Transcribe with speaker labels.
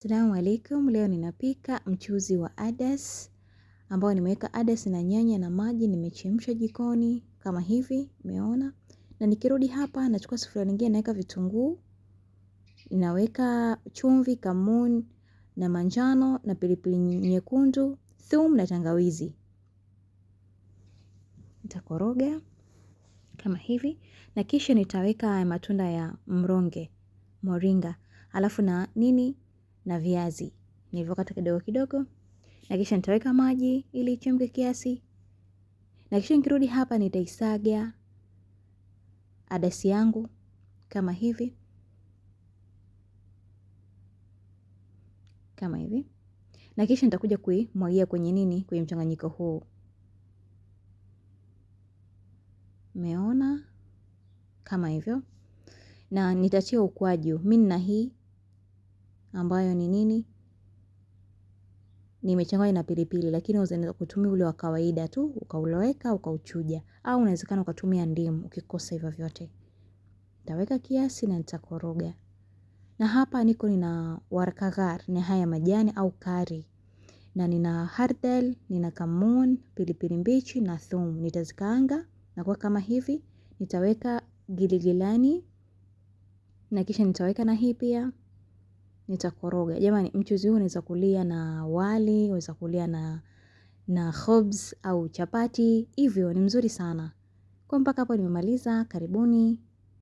Speaker 1: Assalamu alaikum, leo ninapika mchuzi wa adas ambao nimeweka adas na nyanya na maji nimechemsha jikoni kama hivi, umeona? Na nikirudi hapa nachukua sufuria nyingine naweka vitunguu, naweka chumvi, kamun na manjano na pilipili nyekundu, thum na tangawizi. Nitakoroga kama hivi na kisha nitaweka matunda ya mronge, moringa. Alafu na nini? na viazi nilivyokata kidogo kidogo, na kisha nitaweka maji ili ichemke kiasi, na kisha nikirudi hapa nitaisaga adasi yangu kama hivi kama hivi, na kisha nitakuja kuimwagia kwenye nini, kwenye mchanganyiko huu. Meona kama hivyo, na nitatia ukwaju. Mimi nina hii ambayo ni nini? Nimechanganya na pilipili lakini unaweza kutumia ule wa kawaida tu, ukauloweka, ukauchuja. Au unawezekana ukatumia ndimu, ukikosa hivyo vyote. Nitaweka kiasi na nitakoroga. Na hapa niko nina warakagar, ni haya majani au kari. Na nina hardel, nina kamun, pilipili mbichi na thumu. Nitazikaanga na kwa kama hivi, nitaweka giligilani, na kisha nitaweka na hii pia nitakoroga. Jamani mchuzi huu unaweza kulia na wali, unaweza kulia na na khobz au chapati, hivyo ni mzuri sana. Kwa mpaka hapo nimemaliza, karibuni.